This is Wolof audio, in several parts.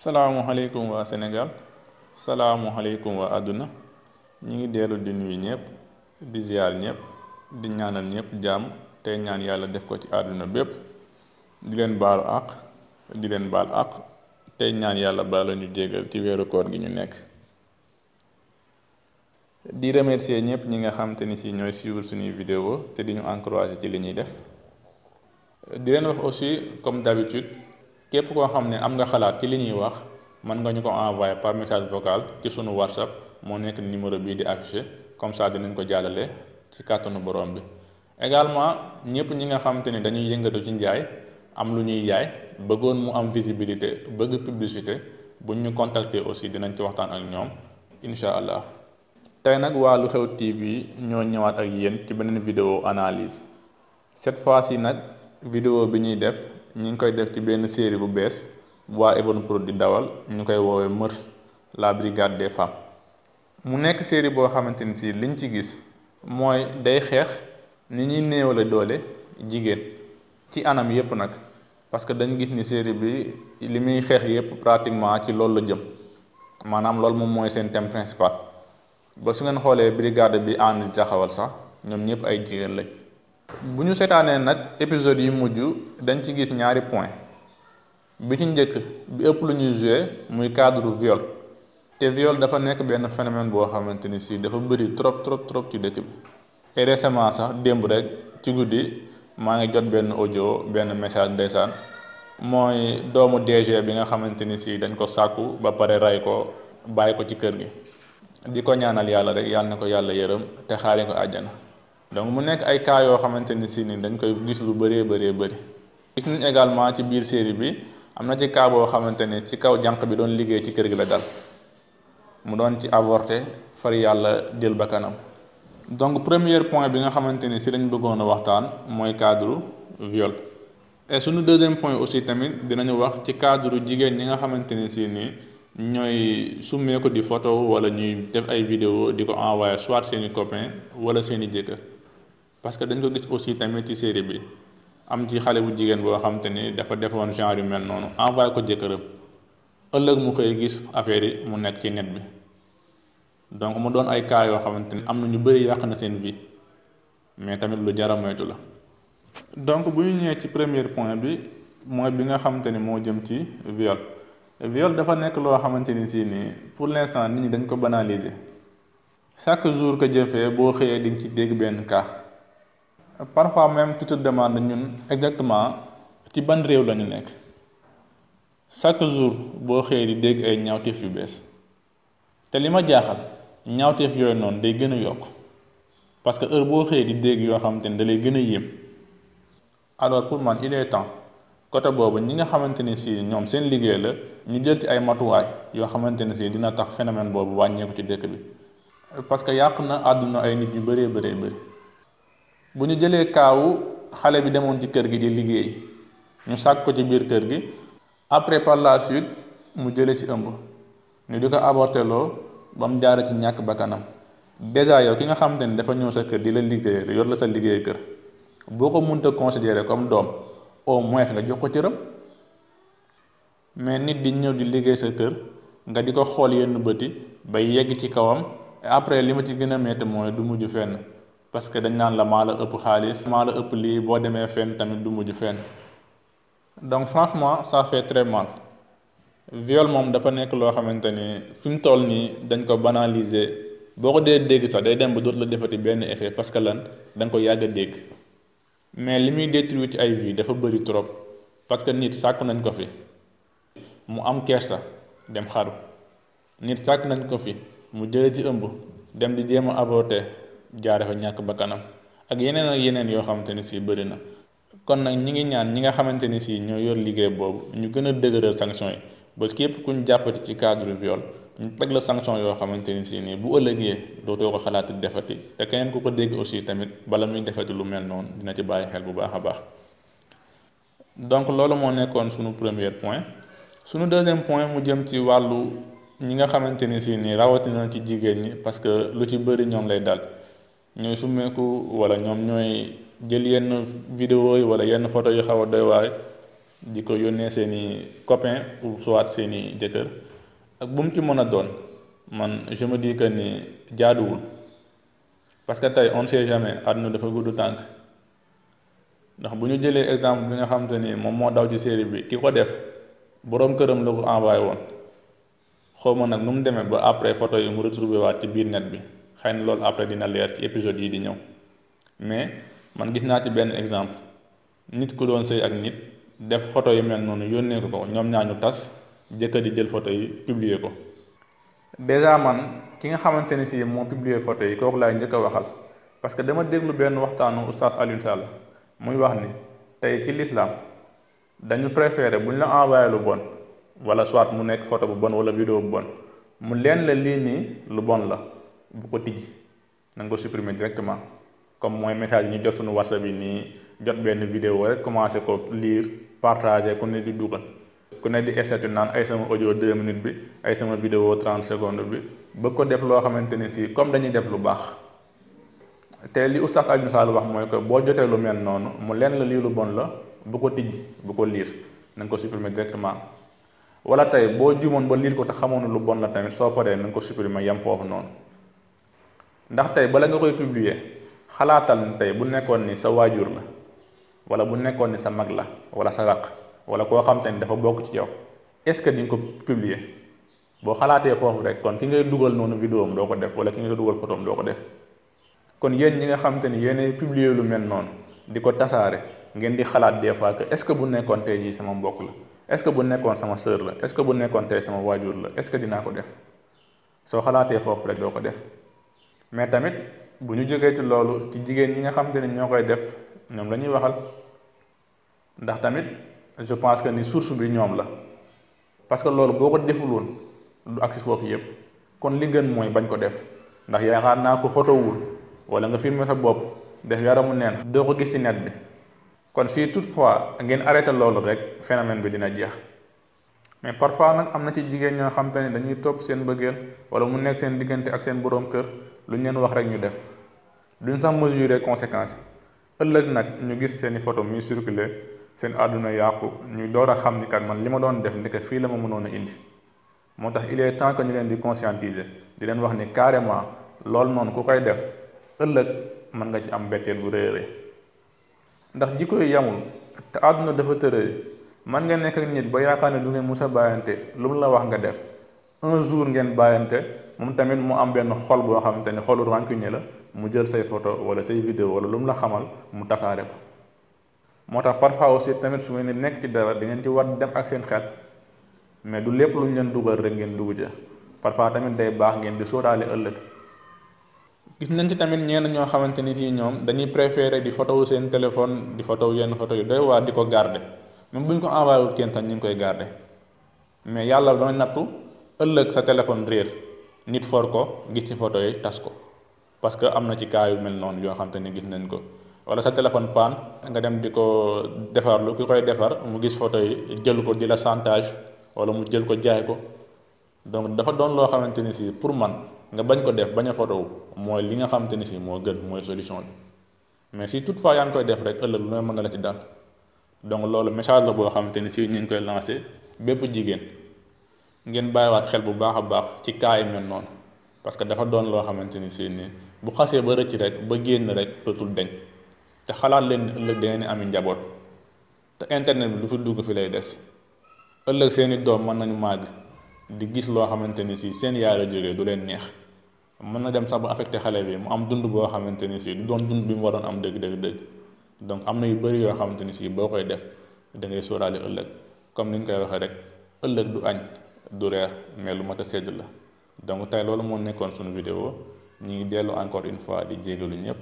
salaamualeykum waa Sénégal salaamualeykum waa àdduna ñi ngi dellu di nuyu ñëpp di ziar ñëpp di ñaanal ñëpp jàmm tey ñaan yàlla def ko ci àdduna bépp di leen baalu àq di leen baal àq tey ñaan yàlla baala ñu jégal ci weeru koor gi ñu nekk di remercier ñëpp ñi nga xam te ni si ñooy suivre suñuy vidéo te di ñu encourager ci li ñuy def di leen wax aussi comme d'habitude képp koo xam ne am nga xalaat ki li ñuy wax mën nga ñu ko envoyé par message vocal ci sunu whatsapp moo nekk numéro bii di affiché comme ça dinañ ko jàllale ci kàttanu borom bi également ñëpp ñi nga xam ni dañuy yëngatu ci njaay am lu ñuy jaay bëggoon mu am visibilité bëgg publicité bu ñu contacter aussi dinañ ci waxtaan ak ñoom incha allah. tey nag waa Lu Xew TV ñoo ñëwaat ak yéen ci beneen vidéo analyse cette fois ci nag vidéo bi ñuy def. ñu ngi koy def ci benn série bu bees waa Evenprod di dawal ñu koy woowee Mœurs la brigade des femmes mu nekk série boo xamante ni si liñ ci gis mooy day xeex ni ñuy néewale doole jigéen ci anam yépp nag parce que dañ gis ni série bi li muy xeex yépp pratiquement ci loolu la jëm maanaam loolu moom mooy seen thème principal ba su ngeen xoolee brigade bi ànd jaxawal sax ñoom ñëpp ay jigéen lañ bu ñu seetaanee nag épisode yi mujj dañ ci gis ñaari point bi ci njëkk bi ëpp lu ñuy joué muy cadre viole te viol dafa nekk benn phénomène boo xamante ni si dafa bëri trop trop trop ci dëkk bi et récemment sax démb rek ci guddi maa ngi jot benn audio benn message ndeysaan mooy doomu DG bi nga xamante ni si dañ ko sàkku ba pare ray ko bàyyi ko ci kër gi di ko ñaanal yàlla rek yàlla na ko yàlla yërëm te xaari ko àjjana donc mu nekk ay cas yoo xamante ni si dañ koy gis lu baree bëree bëri. gis nañ également ci biir série bi am na ci cas boo xamante ni ci kaw jànq bi doon liggéey ci kër gi la dal mu doon ci avorté far yàlla jël ba kanam donc premier point bi nga xamante ni si lañ bëggoon a waxtaan mooy cadre viol. et suñu deuxième point aussi tamit dinañu wax ci cadre jigéen ñi nga xamante ni si nii ñooy summee ko di photo wala ñuy def ay vidéo di ko envoyé soit seeni copain wala seeni jëkkër parce que dañ ko gis aussi tamit ci série bi am ci xale bu jigéen boo xam ni dafa defoon genre yu mel noonu envoyé ko jëkkërëb ëllëg mu xëy gis affaire yi mu nekk ci net bi donc mu doon ay cas yoo xamante ni am na ñu bëri yàq na seen vie mais tamit lu jar moytu la. donc bu ñu ñëwee ci premier point bi mooy bi nga xamante ni moo jëm ci viol viol dafa nekk loo xamante ni si nii pour l'instant nit ñi dañ ko banaliser chaque jour que jëfee boo xëyee di nga ci dégg benn kaa parfois même tu demande demandes ñun exactement ci ban réew lañu nekk chaque jour boo xëyee di dégg ay ñaawteef yu bees te li ma jaaxal ñaawteef yooyu noonu day gën a yokk parce que heure boo xëyee di dégg yoo xamante ni da gën a yéem alors pour man il est temps côté boobu ñi nga xamante ni si ñoom seen liggéey la ñu jël ci ay matuwaay yoo xamante ne si dina tax phénomène boobu wàññeeku ci dëkk bi parce que yàq na àdduna ay nit yu bëree bëree bëri bu ñu jëlee kaawu xale bi demoon ci kër gi di liggéey ñu sàkk ko ci biir kër gi après par la suite mu jëlee ci ëmb ñu di ko aborté loo ba mu jaare ci ñàkk bakkanam dèjà yow ki nga xamante ne dafa ñëw sa kër di la liggéey yor la sa liggéey kër boo ko mënta considérer comme doom au moins nga jox ko cëram mais nit di ñëw di liggéey sa kër nga di ko xool yenn bëti ba yegg ci kawam après li ma ci gën a métti mooy du mujj fenn parce que dañ naan la maa la ëpp xaalis maa la ëpp lii boo demee fenn tamit du mujj fenn donc franchement ça fait très mal viol moom dafa nekk loo xamante ni fi mu toll nii dañ ko banaliser boo ko dee dégg sax day dem ba dootu la defati benn effet parce que lan da ko yàgg a dégg mais li muy détruire ci ay vie dafa bëri trop parce que nit sàkk nañ ko fi mu am ker sax dem xaru nit sàkku nañ ko fi mu jële ci ëmb dem di jéem a jaare fa ñàkk ba kanam ak yeneen ak yeneen yoo xamante ni si bëri na kon nag ñi ngi ñaan ñi nga xamante ni si ñoo yor liggéey boobu ñu gën a dëgëral sanction yi ba képp ku ñu jàppati ci cadre viol ñu teg la sanction yoo xamante ni si nii bu ëllëgee dootoo ko xalaati defati te keneen ku ko dégg aussi tamit bala muy defati lu mel noonu dina ci bàyyi xel bu baax a baax donc loolu moo nekkoon suñu premier point sunu deuxième point mu jëm ci wàllu ñi nga xamante ni si nii rawatina ci jigéen ñi parce que lu ci bëri ñoom lay dal ñooy summeeku wala ñoom ñooy jël yenn vidéo yi wala yenn photo yu xaw a doy waar di ko yónnee seen i copain ou soit seeni i jëkkër ak bu mu ci mën a doon man je me ni jaaduwul parce que tey on ne sait jamais àdduna dafa gudd tànk ndax bu ñu jëlee exemple bi nga xam te ni moom moo daw ci série bi ki ko def boroom këram la ko envoyé woon xaw ma nag nu mu demee ba après photo yi mu retrouvé waat ci biir net bi xëy na loolu après dina leer ci épisode yi di ñëw mais man gis naa ci benn exemple nit ku doon sëy ak nit def photo yu mel noonu yónnee ko ko ñoom ñaa ñu tas jëkkër di jël photo yi publier ko déjà man ki nga xamante ni moo publier photo yi kooku laay njëkk waxal parce que dama déglu benn waxtaanu oustaz Alioune Sall muy wax ni tey ci lislaam dañu préféré bu ñu la envoyé lu bon wala soit mu nekk photo bu bon wala vidéo bu bon mu leen la lii ni lu bon la bu ko tijj na ko supprimer directement comme mooy message yi ñu jot suñu whatsapp yi nii jot benn vidéo rek commencé ko liir partager ku ne di dugal ku ne di estatu naan ay sama audio deux minutes bi ay sama vidéo trente secondes bi bëgg ko def loo xamante ni si comme dañuy def lu baax te li oustaz Alioune Sall wax mooy que boo jotee lu mel noonu mu leen la lii lu bon la bu ko tijj bu ko liir na nga ko supprimer directement wala tey boo juumoon ba lire ko te xamoon lu bon la tamit soo paree na nga ko supprimer yam foofu noonu ndax tey bala nga koy publier xalaatal tey bu nekkoon ni sa waajur la wala bu nekkoon ni sa mag la wala sa raq wala koo xam te ni dafa bokk ci yow est-ce que di ko publier boo xalaatee foofu rek kon ki ngay dugal noonu vidéo am doo ko def wala ki ngay dugal photo def kon yéen ñi nga xam ni yéenay publier lu mel noonu di ko tasaare. ngeen di xalaat des fois que ce que bu nekkoon tey jii sama mbokk la est sama sœur la est-ce que bu nekkoon tey sama waajur ce que dinaa ko def soo xalaatee foofu rek doo ko def mais tamit bu ñu jógee ci loolu ci jigéen ñi nga xam ne ñoo koy def ñoom la ñuy waxal ndax tamit je pense que ni source bi ñoom la parce que loolu boo ko deful woon du agsi foofu yëpp kon li gën mooy bañ ko def ndax yaakaar naa ko fotowul wala nga filmer sa bopp def yaramu neen doo ko gis ci net bi kon si fois ngeen arrêté loolu rek phénomène bi dina jeex mais parfois nag am na ci jigéen ñoo xam te ne dañuy topp seen bëggeel wala mu nekk seen diggante ak seen boroom kër lu ñu leen wax rek ñu def lu ñu sax mesurer conséquence yi ëllëg nag ñu gis seeni photo muy circuler seen àdduna yàqu ñu door a xam ni kat man li ma doon def ndeke fii la ma mënoon a indi moo tax il est temps que ñu leen di conscientiser di leen wax ni carrément loolu noonu ku koy def ëllëg mën nga ci am mbetteel bu réeree ndax jikko yi yamul te àdduna dafa tërëri man nga nekk ak nit ba yaakaar ne du ngeen mus a bàyyante lu mu la wax nga def un jour ngeen bàyyante moom tamit mu am benn xol boo xamante ni xolu rancune la mu jël say photo wala say vidéo wala lu mu la xamal mu tasaare ko moo tax parfois aussi tamit su ngeen nekk ci dara di ngeen ci war dem ak seen xel mais du lépp lu ñu leen dugal rek ngeen dugg ca parfois tamit day baax ngeen di sóoraale ëllëg gis nañ ci tamit ñenn ñoo xamante ni ci ñoom dañuy préféré di photo seen téléphone di photo yenn photo yu doy di ko garder. même bu ñu ko envoyé wul kenn tam ñu ngi koy garder mais yàlla dana nattu ëllëg sa téléphone réer nit for ko gis ci photo yi tas ko parce que am na ci cas yu mel noonu yoo xam te ne gis nañ ko wala sa téléphone paan nga dem di ko defarlu ki koy defar mu gis photo yi jël ko di la chantage wala mu jël ko jaay ko donc dafa doon loo xamante ni si pour man nga bañ ko def bañ a photo mooy li nga xamante ni si moo gën mooy solution bi mais si toutefois yaa ngi koy def rek ëllëg lu la ci daal. donc loolu message la boo xamante ni sii ñu ngi koy lancé bépp jigéen ngeen bàyyiwaat xel bu baax a baax ci cas yi mel noonu parce que dafa doon loo xamante ni si nii bu xasee ba rëcc rek ba génn rek dootul deñ te xalaat leen ni ëllëg dangeen am njaboot te internet bi lu fi dugg fi lay des ëllëg seeni doom mën nañu màgg di gis loo xamante ni sii seen yaay la jógee du leen neex mën na dem sax ba affecté xale bi mu am dund boo xamante ni sii du doon dund bi mu waroon am dëgg dëgg dëgg donc am na yu bëri yoo xamante ni si boo koy def da ngay sóoraale ëllëg comme ni ñu koy waxee rek ëllëg du añ du reer mais lu mat a sedd la donc tey loolu moo nekkoon suñu vidéo ñu ngi dellu encore une fois di jégalu ñëpp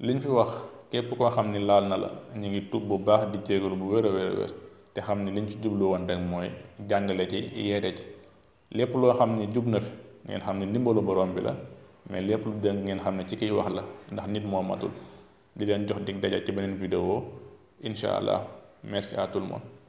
liñ fi wax képp koo xam ni laal na la ñu ngi tub bu baax di jégalu bu wér a wér a wér te xam ni liñ ci jublu woon rek mooy jàngale ci yeete ci lépp loo xam ni jub na fi ngeen xam ni ndimbalu borom bi la mais lépp lu dëng ngeen xam ne ci kiy wax la ndax nit moo matul. di leen jox dig daja ci beneen vidéo incha allah merci à tout le monde